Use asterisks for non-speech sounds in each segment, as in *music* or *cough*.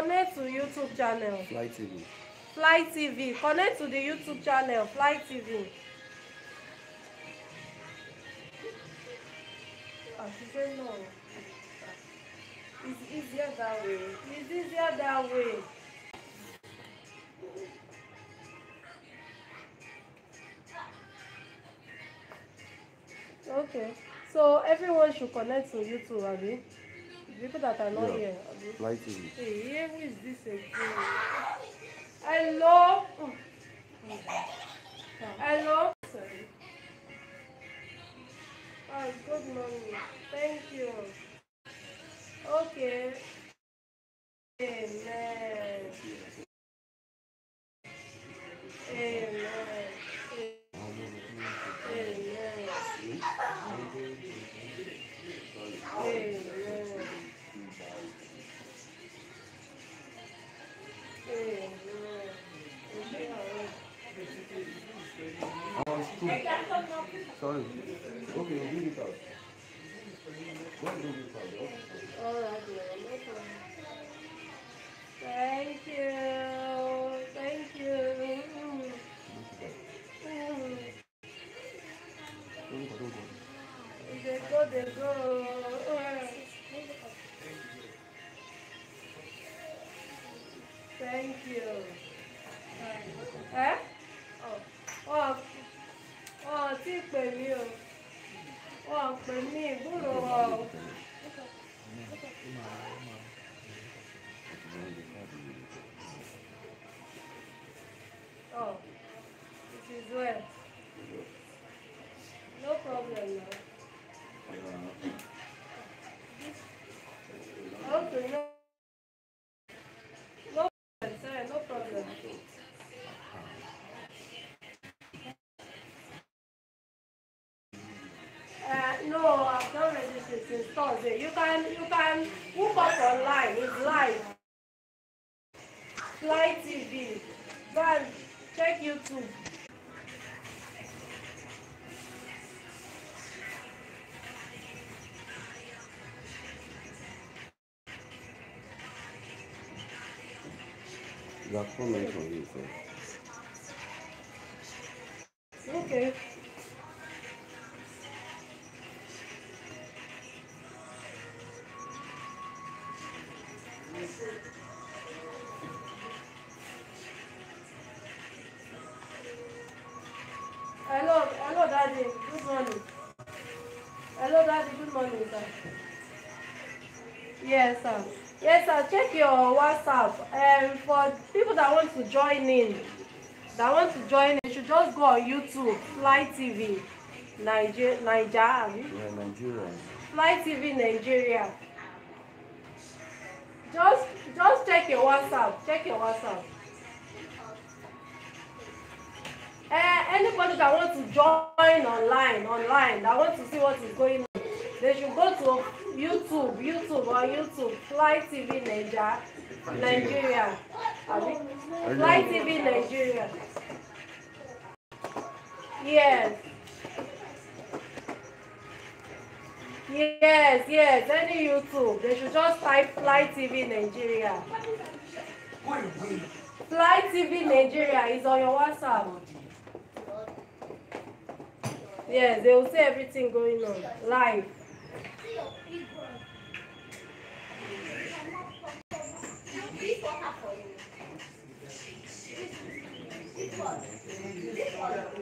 Connect to YouTube channel. Fly TV. Fly TV. Connect to the YouTube channel. Fly TV. Ah, she Àṣìṣe náà. It's easier that way. It's easier that way. Okay. So everyone should connect to YouTube, abi? Right? People that are not yeah. here. Light TV. Hey, who is this again? Hello? Hello? Oh, sorry. Oh, good morning. Thank you. Okay. Amen. Thank you. Eh? Oh. pè mí o, ọ pè mí Oh, it is well. No problem now. can you can look up online. with live. Live TV. Then check YouTube. That's what makes me on YouTube Fly TV Niger Naija Yeah, Nigeria. Fly TV Nigeria. Just just check your WhatsApp check your WhatsApp. Uh, anybody that wants to join online online that wants to see what is going on they should go to YouTube YouTube or YouTube Fly TV Naija Nigeria abi Fly TV Nigeria. Yes. Yes, yes, any YouTube. They should just type Fly TV Nigeria. Fly TV Nigeria is on your WhatsApp. Yes, they will see everything going on live. This one.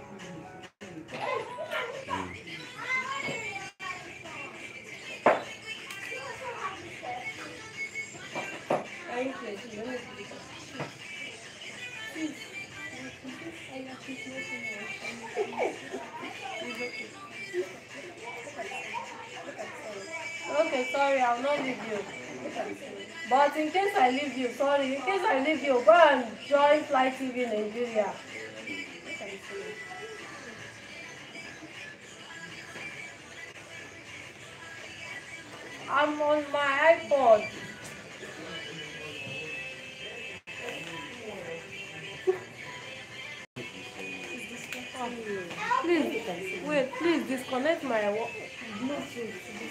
sorry, I'll not leave you. But in case I leave you, sorry, in case I leave you, go and join Fly TV Nigeria. I'm on my iPod. please, wait, please disconnect my Bluetooth.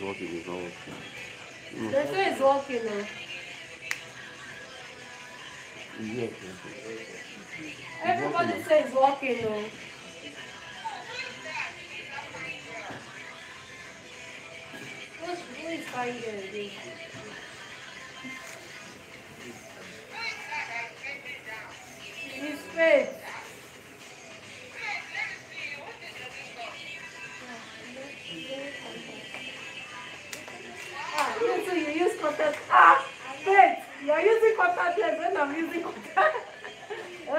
is walking is all. Mm. That's why walking now. Yeah. Everybody says walking though. What's really funny gonna plates. Ah, wait, you're using copper plates when I'm using copper.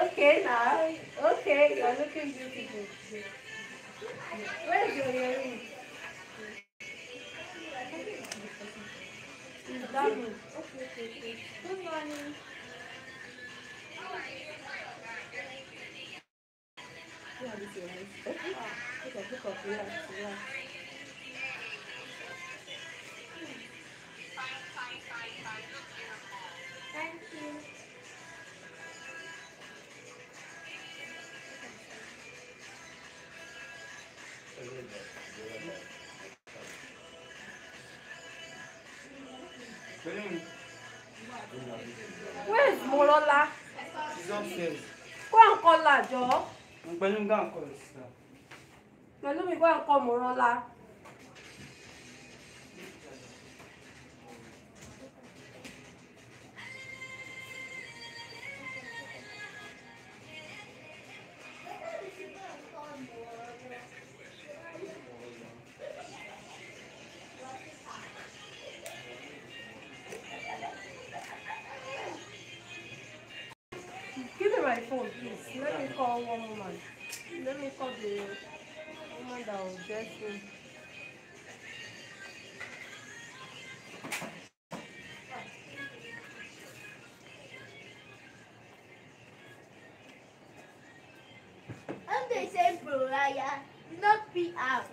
okay, now. Okay, you're looking beautiful. Where's your earring? Is that me? Good morning. Yeah, this is nice. Okay. Ah, look at, relax, relax. Go and call her, Joe. I'm going to go and call her. Pẹ̀lúmi, go and call Morola. my phone, please. Let me call one woman. Let me call the woman that will dress me. I'm the same Brian, not be out.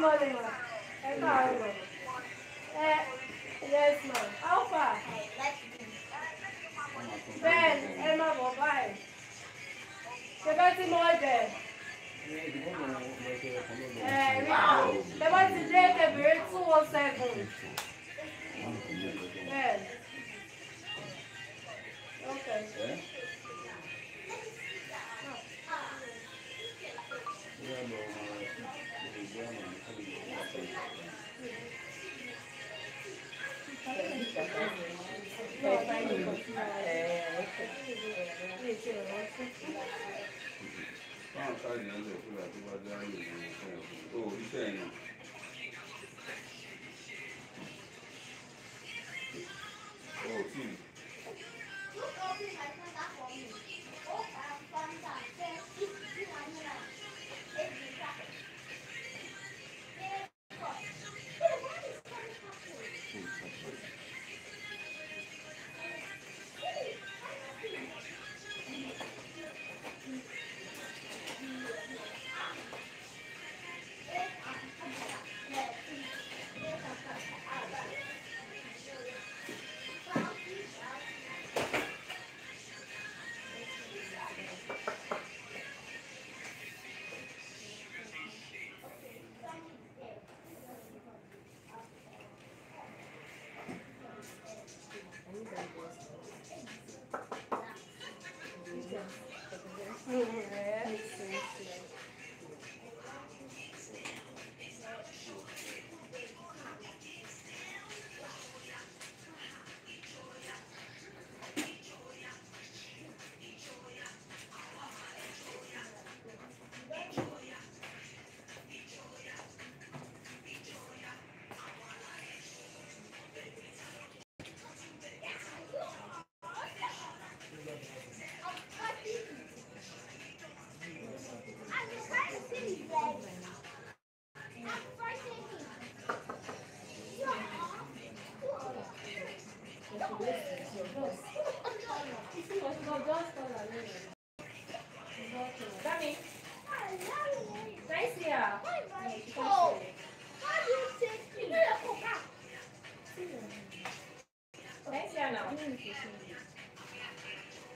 morning, ma'am. Yes, ma'am. Yes, ma'am. How Ben, ẹ má bọ̀ báyìí. Ṣé bá ti mọ ọ̀dẹ̀? Ẹ̀ẹ́dì, ṣé bá ti dé kẹbìrì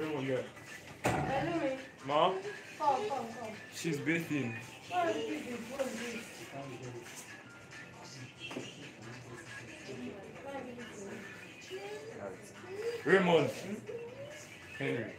Where were you at? Ma? Come, come, come. She's bathing. Raymond. Henry.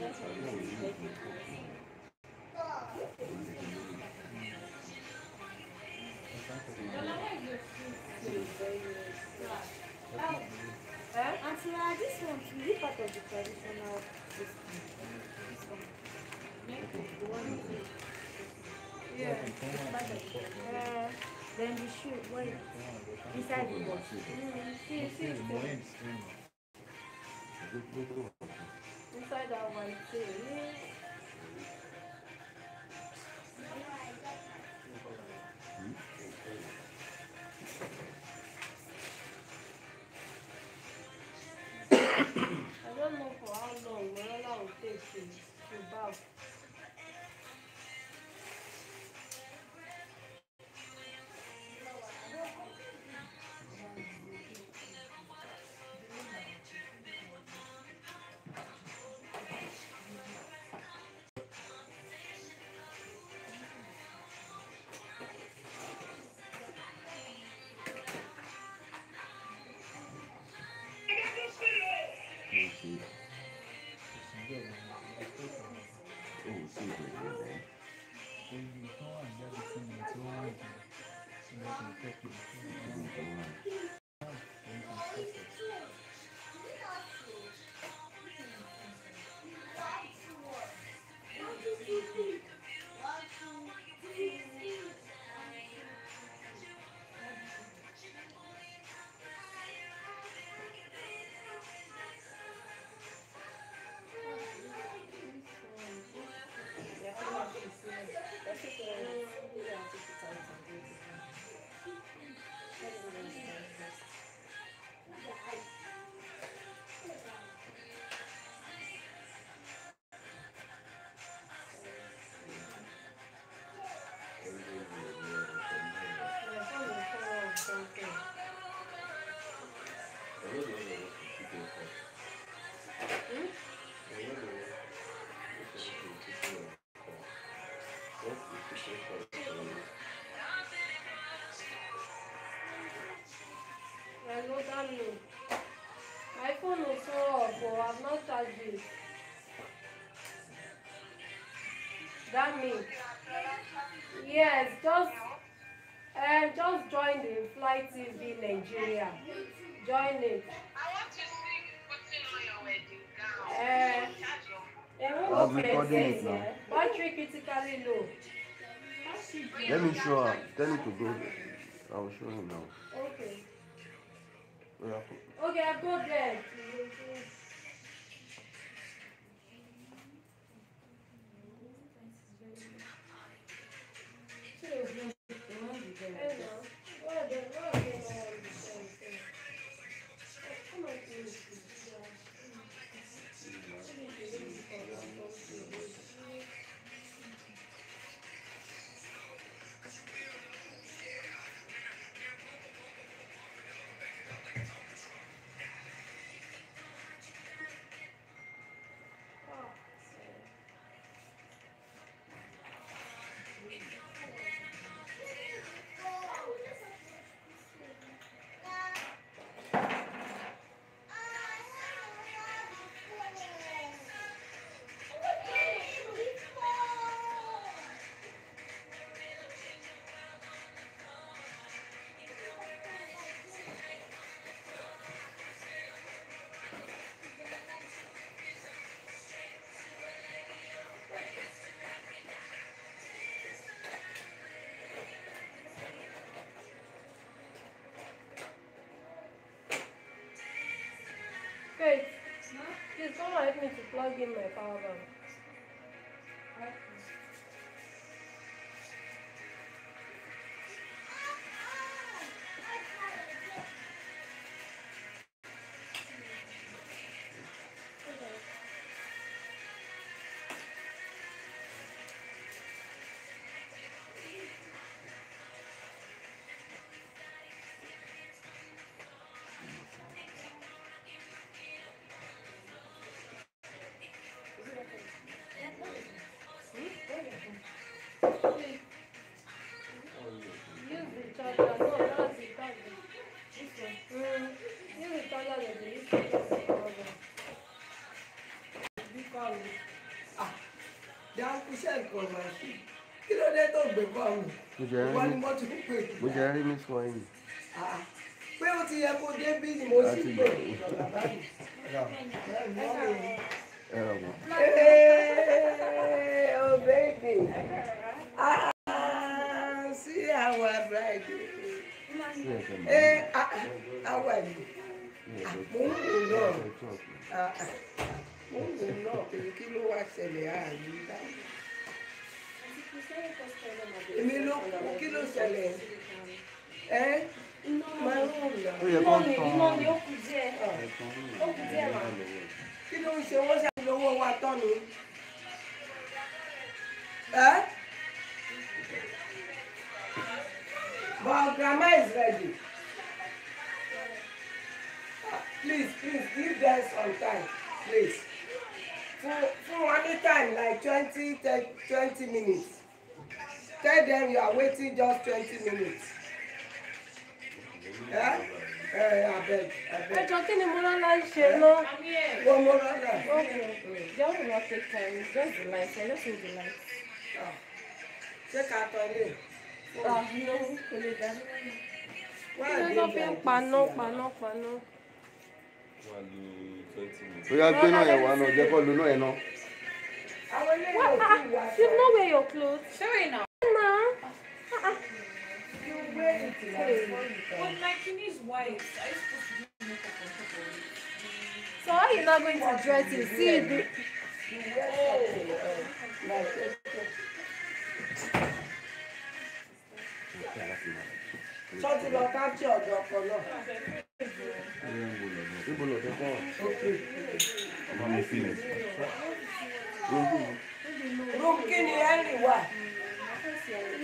Auntie, yeah. then the shoe, what is inside the box? see, see. కావాల్సి I don't know for how long, whether I will take to, to bath. another note. My phone is all up, but I've not charged it. That me? yes, just um, just join the Fly TV Nigeria. Join it. I want to see putting on your wedding gown. Uh, I'm recording it now. Battery critically low. Let me show her. Tell me to go. I will show him now. Okay. Okay, I've got that. It's alright, I need to plug in my power bank. pé kọ́ọ̀nù wọ́n ní mọ́tò pé. mo jẹ́ rí mi sọ yìí. Ah, ah. pé o ti yẹ kó débí ni mo sì pè é. Eh, oh baby ah, ah see our bride eh ah our mo náà mo náà kí ló wá ṣẹlẹ̀ àárín báyìí èmi ló kú kí ló ṣẹlẹ̀ ẹ́ máa ń rùn lọ. iná ni iná ni ó kù díẹ̀ ó kù díẹ̀ mà. kí ló ń ṣe grandma is ready. Ah, please, please, give them some time, please. For, for any time, like 20, 30, minutes tell them you are waiting just twenty minutes. Eh? Eh, ẹjọ kí ni mọlọlá ń ṣe náà. Eh? wọ́n mọlọlá. yóò wọ́n take time just be like say just be like. Ah. ṣé ká tọ́ ilé. Ah, kò lè dá. kí ló lọ fi ń paná paná paná. ó yá gbé náà yẹn náà jẹ́ kó lu náà yẹn náà. you know where your clothes? Sure enough white, So how are you not going to dress it? See the. Ṣọ́ọ̀tì lọ káàkiri ọ̀dọ̀ ọpọlọ. Ibo lọ tó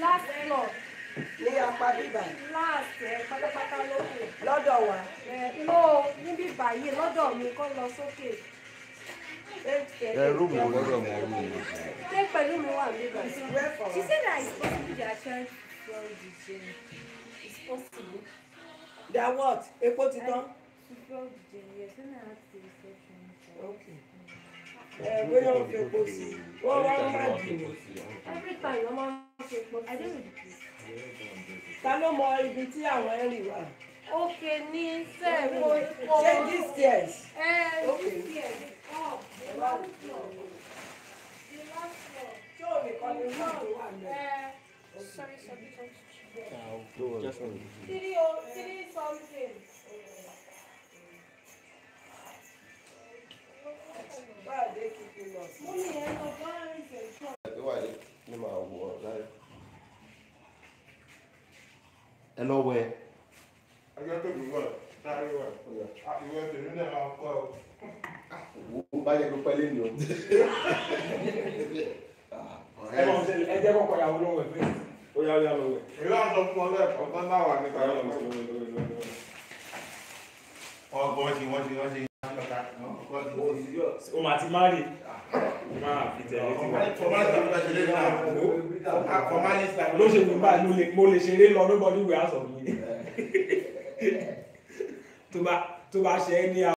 Last floor ní apá bíbà. láàsì ẹ eh, pátápátá lókè. lọ́dọ̀ wa. ló eh, níbí báyìí lọ́dọ̀ mi kọ́ lọ sókè. ẹ rúùmù lọ́dọ̀ mọ rúùmù. ṣé pẹ̀lú mi wà níbà. she say that it's possible their child well be jane it's possible. that what epo ti tán. she well be jane yes when i ask the reception. okay bóyá o fẹ́ kó sí i wọ́n wá ń bá every time wọ́n máa ta ló mọ ibi tí àwọn ẹ̀rì wà. òkè ní sẹ́ẹ̀ mo kọ́. ṣé this year. ẹ ẹ this year ni ní wọ́n tó ní. three oh three something. ẹ lọ wẹ. ọjọ́ tó dùn wọ̀ sáré wọ̀ ìwé tèmi náà máa kọ́ ọ. wo bá yẹ kó pẹ́ lé mi *laughs* formalist like olóṣèlú báyìí mo lè ṣeré lọ nobody will ask of me *laughs* tó bá ṣe é ní àwọn.